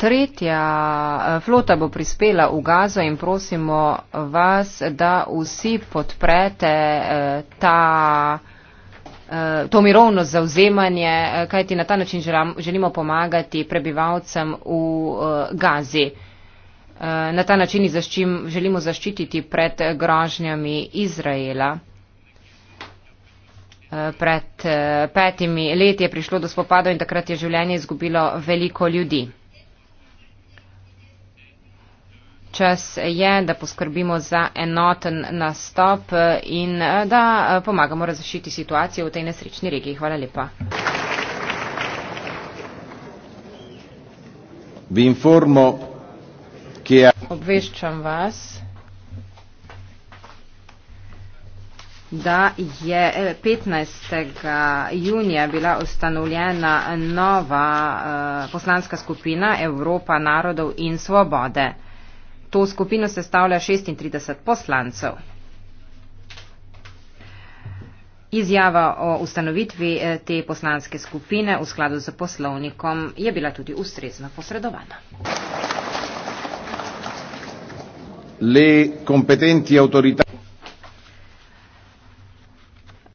tretja eh, flota bo prispela v Gazo in prosimo vas, da vsi podprete eh, ta, eh, to mirovno zauzemanje, kajti na ta način želimo pomagati prebivalcem v Gazi. Na ta način zaščim, želimo zaščititi pred grožnjami Izraela. Pred petimi leti je prišlo do spopadov in takrat je življenje izgubilo veliko ljudi. čas je, da poskrbimo za enoten nastop eh, in eh, da eh, pomagamo razrešiti situacijo v tej nesrečni regiji. Hvala lepa. Obveščam vas, da je 15. junija bila ustanovljena nova poslanska skupina Evropa narodov in svobode. To skupino sestavlja 36 poslancev. Izjava o ustanovitvi eh, te poslanske skupine v skladu z poslovnikom je bila tudi ustrezno posredovana. Le kompetenti avtoritari.